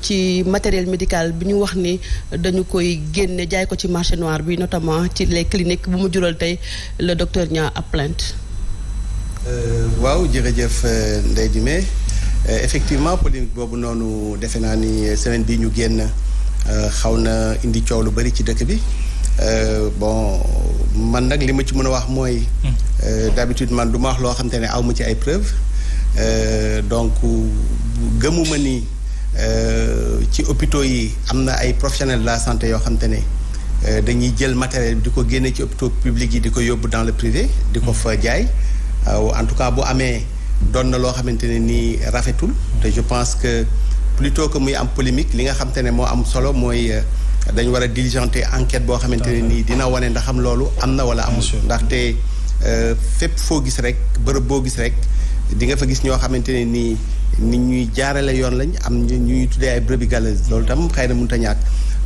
ci matériel médical bi ñu wax ni dañu koy génne jaay ko ci marché noir bi notamment ci les cliniques bu mu jural tey le docteur Niang ab plainte euh, waaw jërëjëf euh, Ndeye Dime euh, effectivement polémique boobu noonu defe naa ni semaine bi ñu génn xaw na indi coow lu bari ci dëkk bi bon man nag li ma ci mën a wax mooy hmm. d'habitude man du wax loo xam ne aw ma ci ay preuve donc gëmuma ni Euh, ci hôpitaux yi am na ay professionnels de la santé yoo xam ne euh, dañuy jël matériel di ko génne ci hôpitaux publics yi di ko yóbbu dans le privé di ko mm. fa jaay en tout cas bu amee doon na loo xamante ne nii rafetul te je pense que plutôt ko muy am polémique li nga xam te ne moo am solo mooy euh, dañ war a diligenter enquête boo xamante ne nii dina wane ndax am loolu am na wala amul ndaxte fépp foo gis rek bërëb boo gis rek di nga fa gis ñoo xamante ne nii nit ñuy jaarale yoon lañ am ñu ñuy tuddee ay brebis galeuses loolu tam xëy na mun a ñàkk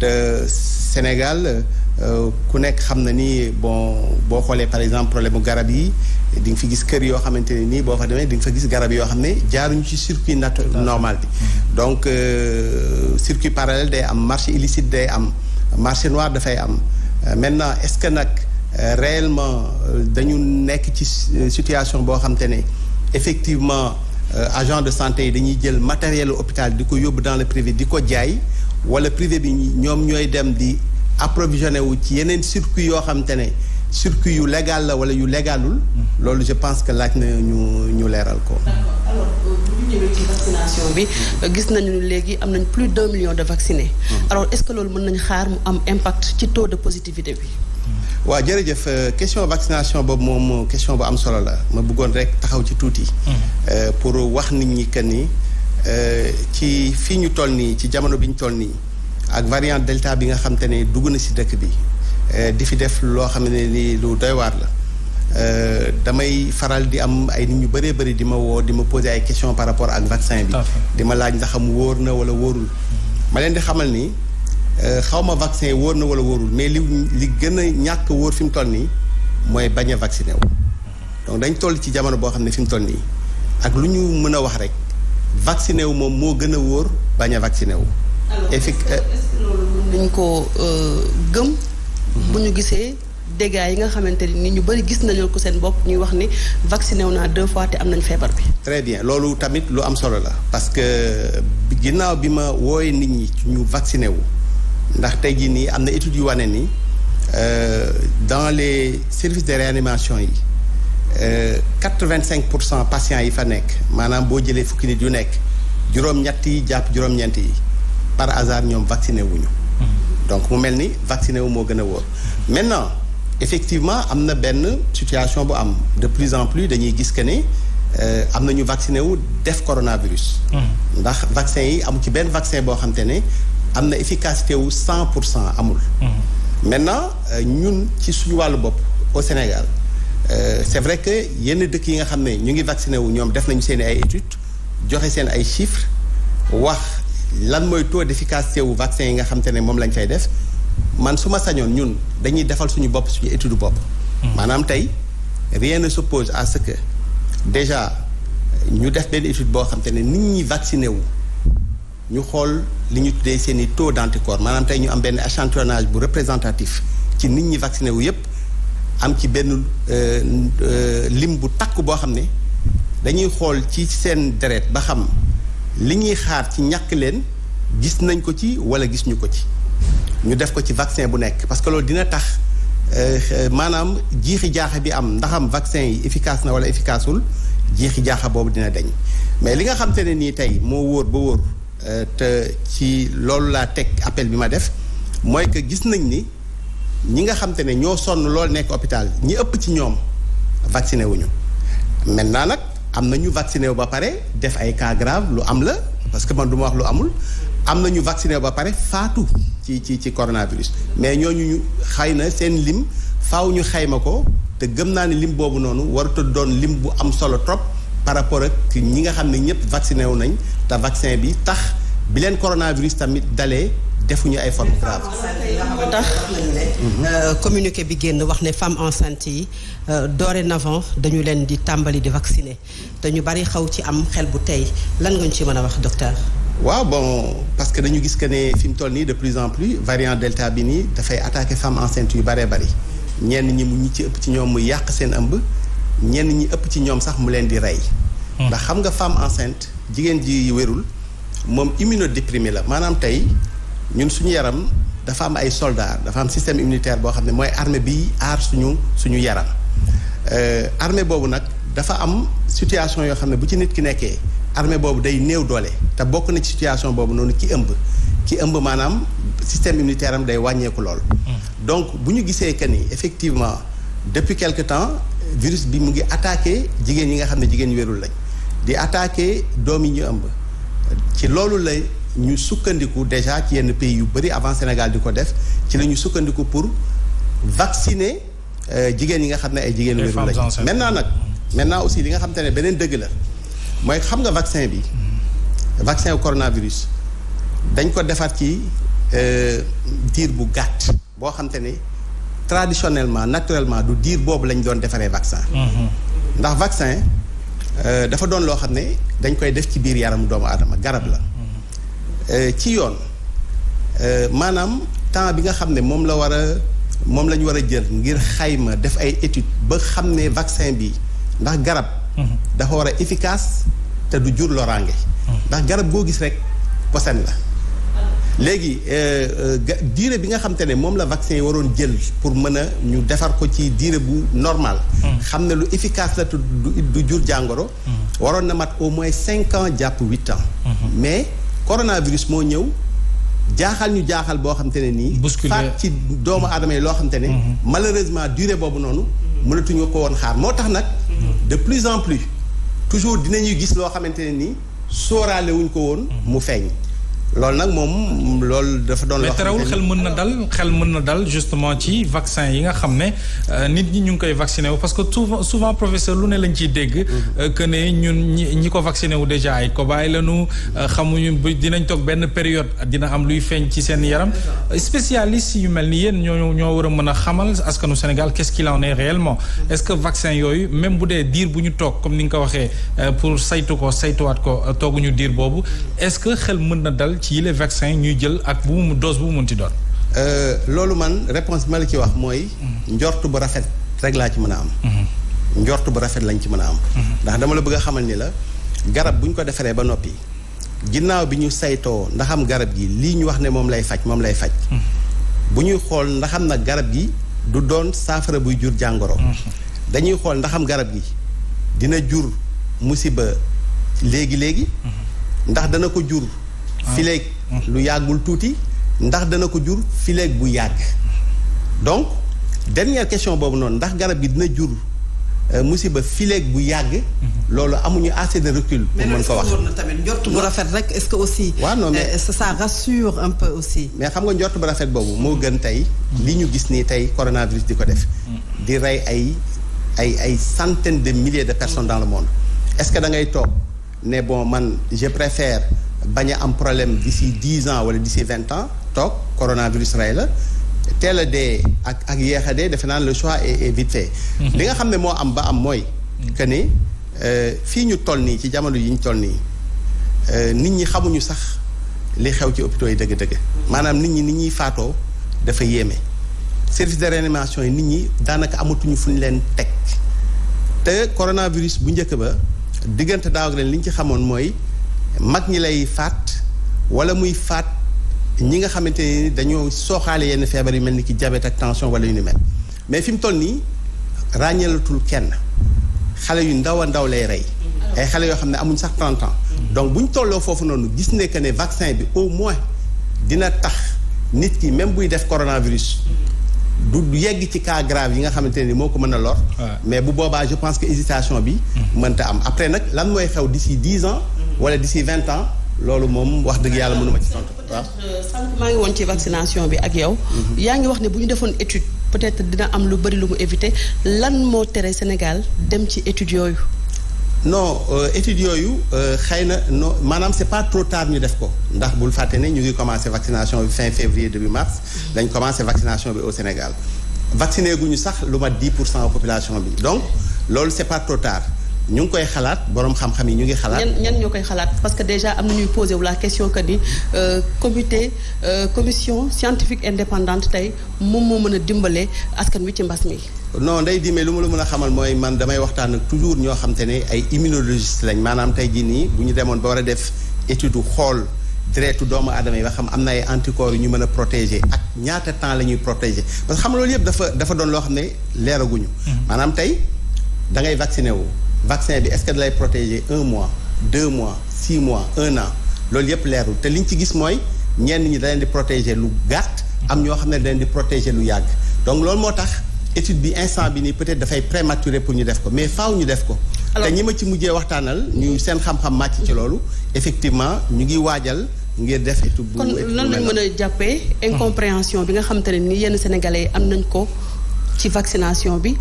te Sénégal euh, ku nekk xam na ni bon boo xoolee par exemple problème mu garab yi di nga fi gis kër yoo xamante ne nii boo fa demee di nga fa gis garab yoo xam ne jaaruñu ci circuit natu normal bi. Mm-hmm. donc euh, circuit parallèle day am marché illicite day am marché noir dafay am euh, maintenant est-ce que nag réellement dañu nekk ci situation boo xam ne effectivement. Euh, agent de santé yi dañuy jël matériel hôpital di ko yóbbu dans le privé di ko jaay wala privé bi ñoom ñooy dem di approvisionné wu ci yeneen circuit yoo xam te ne circuit yu legal la wala yu légalul mm-hmm. loolu je pense que laaj na ñu ñu leeral ko euh, ñëwee ci vaccination bi gis nañu léegi am nañ plus d'un million de vaccinés mm-hmm. alors est-ce que loolu mën nañ xaar mu am impact ci taux de positivité bi waa jërëjëf euh, question vaccination boobu moom question bu am solo la ma bëggoon rek taxaw ci tuuti. Mhm. Euh, pour wax nit ñi que ni euh, ci fii ñu toll nii ci jamono bi ñu toll nii ak variant delta bi nga xam te ne dugg na si dëkk bi di fi def loo xam ne ni lu doy waar la damay faral di am ay nit ñu bëree bëri di ma woo di ma poser ay question par rapport ak vaccin bi. di ma laaj ndax am wóor na wala wóorul. Mhm. ma leen di xamal nii Euh, xaw ma vaccin wóor na wala wóorul mais li li gën a ñàkk wóor fi mu toll nii mooy bañ a vacciné wu. donc dañ toll ci jamono boo xam ne fi mu toll nii ak lu ñu mën a wax rek vacciné wu moom moo gën a wóor bañ a vacciné wu. effic dañ euh, ko euh, gëm. Mhm. bu ñu gisee dégâts yi xamante ni ñu bëri gis nañu ko seen bopp ñuy wax ni vacciné wu naa deux fois te am nañ feebar bi. très bien loolu tamit lu am solo la. parce que ginnaaw bi ma wooyee nit ñi ci ñu vacciné wu. ndax tey jii nii am na études yu wane ni euh, dans les services de réanimation yi euh, quatre-vingt-cinq pour cent patients yi fa nekk maanaam boo jëlee fukki nit yu nekk juróom-ñett yi jàpp juróom-ñeent yi par hasard ñoom vacciné wuñu mm-hmm. donc mu mel ni vacciné wu moo gën a wóor maintenant effectivement am na benn situation bu am de plus en plus dañuy gis que ne euh, am nañu ñu vacciné def coronavirus. Mm-hmm. ndax vaccin yi amu ci benn vaccin boo xam ne am na efficacité wu cent pour cent amul. Mhm. maintenant euh, ñun ci suñu wàllu bopp au Sénégal euh, c'est vrai que yenn dëkk yi nga xam ne ñu ngi vacciné wu ñoom def nañu seen ay études joxe seen ay chiffres wax lan mooy taux d'efficacité wu vaccin yi nga xam te ne moom lañ fay def man su ma sañoon ñun dañuy defal suñu bopp suñu étude bopp. Mhm. maanaam tey rien ne s'oppose à ce que déjà ñu def benn étude boo xam te ne nit ñi vacciné wu. ñu xool li ñu tuddee seen i taux d'anticorps maanaam tey ñu am benn échantillonnage bu représentatif ci nit ñi vacciné wu yépp am ci benn euh, euh, lim bu takk boo xam ne dañuy xool ci seen deret ba xam li ñuy xaar ci ñàkk leen gis nañ ko ci wala gis ñu ko ci ñu def ko ci vaccin bu nekk parce que loolu dina tax euh, maanaam jiixi jaaxa bi am ndaxam vaccin yi efficace na wala efficaceul jiixi jaaxa boobu dina deñ mais li nga xam te ne nii tey moo wóor ba wóor Euh, te ci loolu laa teg appel bi ma def mooy que gis nañ ni ñi nga xam te ne ñoo sonn loolu nekk hôpital ñi ëpp ci ñoom vacciné wuñu maintenant nag am na ñu vacciné wu ba pare def ay cas grave lu am la parce que man du wax lu amul am na ñu vacciné ba pare faatu ci ci ci coronavirus mais ñooñu xëy na seen lim faw ñu xayma ko te gëm naa ni lim boobu noonu warut a doon lim bu am solo trop. par rapport ak ñi nga xam ne ñëpp vacciné wu nañ te vaccin bi tax bi leen coronavirus tamit dalee defuñu ay forme grave tax mhm. euh, communiqué bi génn wax ne femmes enceintes yi euh, dorénavant dañu leen di tàmbali di vacciner te ñu bari xaw ci am xel bu tey lan nga ñu ci mën a wax docteur. waaw bon parce que dañu gis que ne fi mu toll nii de plus en plus variant delta bi nii dafay attaquer femmes enceintes yu baree bari ñenn ñi mu ñi ci ëpp ci ñoom mu yàq seen ëmb. ñenn ñi ëpp ci ñoom sax mu leen di rey. Hmm. ndax xam nga femme enceinte jigéen ji wérul moom immunodéprimé la maanaam tey ñun suñu yaram dafa am ay soldats dafa am système immunitaire boo xam ne mooy armée bi aar suñu suñu yaram euh, armée boobu nag dafa am situation yoo xam ne bu ci nit ki nekkee armée boobu day néew doole te bokk na ci situation boobu noonu ki ëmb ki ëmb maanaam système immunitaire am day wàññeeku lool. Hmm. donc bu ñu gisee que ni effectivement depuis quelque temps. virus bi mu ngi attaqué jigéen yi nga xam ne jigéen wérul lañ di attaqué doom yi ñu ëmb ci loolu la ñu sukkandiku déjà ci yenn pays yu bëri avant Sénégal di ko def ci la ñu sukkandiku pour vacciner euh, jigéen yi nga xam ne ay jigéen wérul lañ maintenant nag maintenant aussi li nga xam te ne beneen dëgg la mooy xam nga vaccin bi mm-hmm. vaccin coronavirus dañ ko defar ci euh, diir bu gàtt boo xam ne traditionnellement naturellement du diir boobu lañ doon defaree vaccin. Mhm. ndax vaccin euh, dafa doon loo xam ne dañ koy def ci biir yaramu doomu adama garab la. Mhm. Euh, ci yoon euh, maanaam temps bi nga xam ne moom la war a moom la ñu war a jël ngir xayma def ay étude ba xam ne vaccin bi ndax garab. Mhm. dafa war a efficace te du jur loraange. ndax garab boo gis rek posen la. léegi euh, euh, diire bi nga xam te ne moom la vaccin yi waroon jël pour mën a ñu defar ko ci diire bu normal hmm. xam ne lu efficace la du jur jàngoro hmm. waroon na mat au moins cinq ans jàpp huit ans hmm. mais coronavirus moo ñëw jaaxal ñu jaaxal boo xam te ne nii faat ci doomu aadama yi loo xam te ne malheureusement durée boobu noonu mënatuñu ko woon xaar moo tax nag de plus en plus toujours dinañuy gis loo xamante ne nii sóoraale ko woon mu feeñ loolu nag moom loolu dafa doon. loo xel mën na dal xel mën na dal justement ci vaccin yi nga xam ne euh, nit ñi ñu ngi koy vacciner wu parce que souvent souvent professeur lu ne lañ ciy dégg. Mm-hmm. Euh, que ne ñun ñi ñi ko vacciné wu déjà ay cobaye lañu euh, xamuñu bu dinañ toog benn période dina am luy feeñ ci seen yaram. spécialiste yu mel ni yéen ñoo ñoo war a mën a xamal askanu Sénégal qu'est-ce qu'il en est mm-hmm. que vaccin yooyu même bu dee diir bu ñu toog comme ni nga ko waxee pour saytu ko saytuwaat ko tooguñu diir boobu est-ce que xel mën na dal. ci yile vaccin ñuy jël ak bu mu doos bu mu munti doon. Euh, loolu man réponse bi ma la ci wax mooy. Mhm. njort bu rafet rek laa ci mën a am. Mhm. njort bu rafet lañ ci mën a am. Mhm. ndax dama la bëgg a xamal ni la garab bu ñu ko defaree ba noppi ginnaaw bi ñu saytoo ndax am garab gi lii ñu wax ne moom lay faj moom lay faj. bu ñuy xool ndaxam na garab gi du doon saafara buy jur jàngoro. dañuy xool ndax am garab gi dina jur musiba léegi léegi. ndax dana ko jur Ah. fileeg lu yàggul tuuti ndax dana ko jur fileeg bu yàgg donc dernière question boobu noonu ndax garab gi dina jur euh, musiba fileeg bu yàgg mhm. loolu amuñu assez de recul pour mën ko wax tamit njort bu rafet rek est-ce que aussi waaw non mais euh, ça rassure un peu aussi xam nga njort bu rafet boobu moo gën tey mhm. li ñu gis ni tey coronavirus di ko def mhm. di rey ay ay ay centaines de milliers de personnes dans le monde est-ce que da ngay toog ne bon man je préfère bañ am problème d'ici dix ans wala d'ici vingt ans toog coronavirus rey la teel a dee ak ak yéex a dee defe naa le choix est est fait. Mhm. li nga xam ne moo am ba am mooy. Mhm. que ne euh, fii ñu toll nii ci jamono yi ñu toll nii euh, nit ñi xamuñu sax li xew ci hôpitaux yi dëgg-dëgg. maanaam nit ñi nit ñuy faatoo dafa yéeme. service de réanimation yi nit ñi daanaka amatuñu fu ñu leen teg te coronavirus bu njëkk ba diggante daaw ak leen li ñu ci xamoon mooy. mag ñi lay faat wala muy faat ñi nga xamante ni dañoo sooxaale yenn feebar yu mel ni ki jabet ak tension wala yu ni mel mais fi mu toll nii ràññeelatul kenn xale yu ndaw a ndaw lay rey ay xale yoo xam ne amuñ sax 30 ans donc bu tolloo foofu noonu gis ne que ne vaccin bi au moins dina tax nit ki même buy def coronavirus du yegg ci cas grave yi nga xamante ne moo ko mën a lor mais bu boobaa je pense que hésitation bi hmm. mënta am après nag lan mooy xew d'ici 10 ans wala d'ici vingt ans loolu moom wax dëgg yàlla mënuma ci tontu waaw. Euh, sànq maa ngi woon ci vaccination bi ak yow. Mhm. yaa ngi wax ne bu ñu defoon étude peut-être dina am lu bari lu mu éviter lan moo tere Sénégal dem ci étude yooyu. non euh, études yooyu euh, xëy na non maanaam c'est pas trop tard ñu def ko ndax bul fàtte ne ñu ngi commencé vaccination bi fin février début mars mhm. dañ commencé vaccination bi au Sénégal vacciné guñu sax lu mat 10 pour cent population bi donc loolu c'est ñu ngi koy xalaat borom xam-xam yi ñu ngi xalaat. ñan ñoo koy xalaat parce que déjà am na ñuy posé wu la question que ni euh, comité euh, commission scientifique indépendante tey moom moo mën a dimbale askan wi ci mbas mi. non nday dimee lu ma la mën a xamal mooy man damay waxtaan ak toujours ñoo xam te ne ay immunologiste lañ maanaam tey jii nii bu ñu demoon ba war a def étude xool. deretu doomu aadama yi ba xam am na ay anticorps yu ñu mën a protéger ak ñaata temps la ñuy protéger parce que loolu yëpp dafa dafa doon loo xam ne leeraguñu. Mm-hmm. maanaam tey da ngay vacciné vaccin bi est-ce dalay protéger un mois deux mois six mois un an loolu yëpp leerul te liñ ci gis mooy ñenn ñi da di protéger lu gàtt am ñoo xam ne da di protéger lu yàgg donc loolu moo tax étude bi instant bi nii peut-être dafay prématuré pour ñu def ko mais faw ñu def ko te ñi ma ci mujjee waxtaanal ñu seen xam-xam màcc ci loolu effectivement ñu ngi waajal ngir def étude bu kon lan lañ mën a jàppee incompréhension bi nga xam te ne ni yenn sénégalais yi am nañ ko ci vaccination bi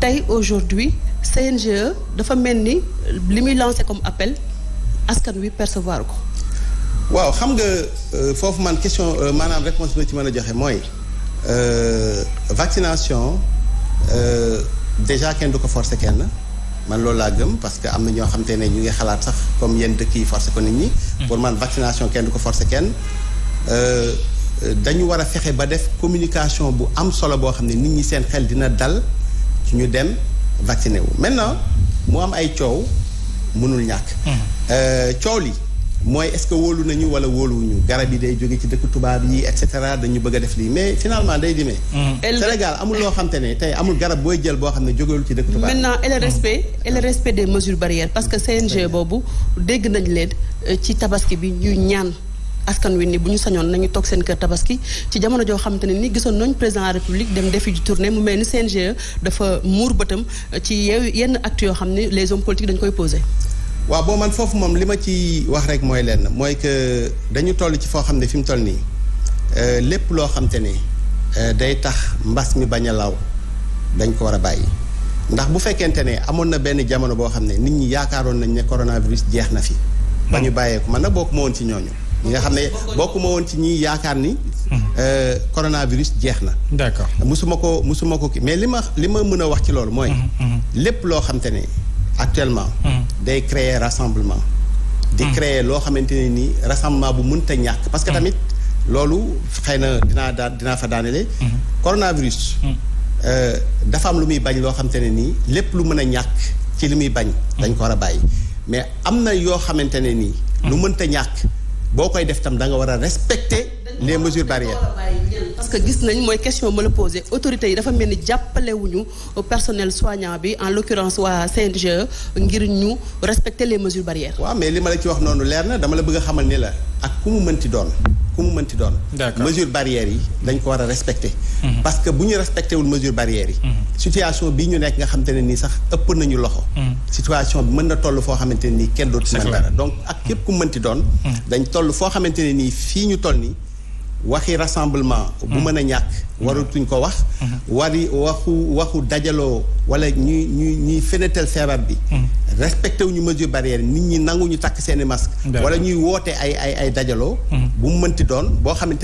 tey aujourd'hui CNGE dafa mel ni li muy lancé comme appel askan wi percevoir ko. waaw xam nga euh, foofu man question euh, maanaam réponse bi ci mën a joxe mooy euh, vaccination déjà kenn du ko forcer kenn man loolu laa gëm parce que am na ñoo xam ne ñu ngi xalaat sax comme yenn dëkk yi forcer ko nit ñi. Mm-hmm. pour man vaccination kenn du ko forcer kenn. dañu war a fexe ba def communication bu am solo boo xam ne nit ñi seen xel dina dal ci ñu dem. vacciné wu maintenant mu am ay coow mënul ñàkk. Hmm. Euh, coow li mooy est-ce que wóolu nañu wala wóoluwuñu garab yi day jóge ci dëkk tubaab yi et cetera dañu bëgg a def lii mais finalement day dimee hmm. Sénégal amul loo xam ne tey amul garab booy jël boo xam ne jógewul ci dëkk tubaab maintenant et le hmm. respect et le respect des mesures barrières parce que CNG boobu dégg nañ leen euh, ci tabaski bi ñuy ñaan askan wi ni bu ñu sañoon nañu toog seen kër tabaski ci jamono joo xamante ne ni gisoon nañu président de la république dem defi ji tournée mu mel ni CNGE dafa muur bëtam ci yeew yenn actes yoo xam ne les hommes politiques dañu koy posé. waaw boo man foofu moom li ma ci wax rek mooy lenn mooy que dañu toll ci foo xam ne fi mu toll nii euh, lépp loo xam te ne euh, day tax mbas mi bañ a law dañ ko war a bàyyi ndax bu fekkente ne amoon na benn jamono boo xam ne nit ñi yaakaaroon nañ ne coronavirus jeex na fi. ba ñu hmm. bàyyeeku man nag bokk ma woon ci ñooñu. ñi nga xam ne bokkuma woon ci ñi yaakaar ni. Hmm. Euh, coronavirus jeex na. d'accord musuma ko musuma ko kii mais li ma li ma mën a wax ci loolu mooy. Hmm, hmm. lépp loo xam te ne actuellement. day créer rassemblement. di créer loo xamante ne ni rassemblement bu mënta ñàkk parce que tamit loolu xëy na dinaa daal dinaa fa daanele. coronavirus. Euh, dafa am lu muy bañ loo xam te ne nii lépp lu mën a ñàkk ci li muy bañ. dañ ko war a bàyyi mais am na yoo xamante ne nii. lu mënta ñàkk. boo koy def tam da nga war a respecter les mesures barrières. parce que gis nañ mooy question ma la posé autorités yi dafa mel ni jàppalewuñu personnel soignant bi en l'occurrence waa CNG ngir ñu respecter les mesures barrières. waaw mais li ma la ci wax noonu leer na dama la bëgg a xamal ni la ak ku mu mënti doon. ku mu mënti doon mesure barrières yi dañ ko war a respecter mhm. parce que bu ñu respecté mesure barrières yi mhm. situation bi ñu nekk nga xamante ne nii sax ëpp nañu loxo mhm. situation bi mën na toll foo xamante nii kenn dootu mën dara donc ak képp ku mënti doon dañ toll foo xamante nii fii ñu toll nii waxi rassemblement bu hmm. mën a ñàkk hmm. waratuñ ko wax hmm. wari waxu waxu dajaloo wala ñuy ñuy ñuy fenetal feebar bi respecté wuñu mesure barrière nit ñi ñu takk seeni masque wala ñuy woote ay ay dajaloo bu mu mënti doon boo xamante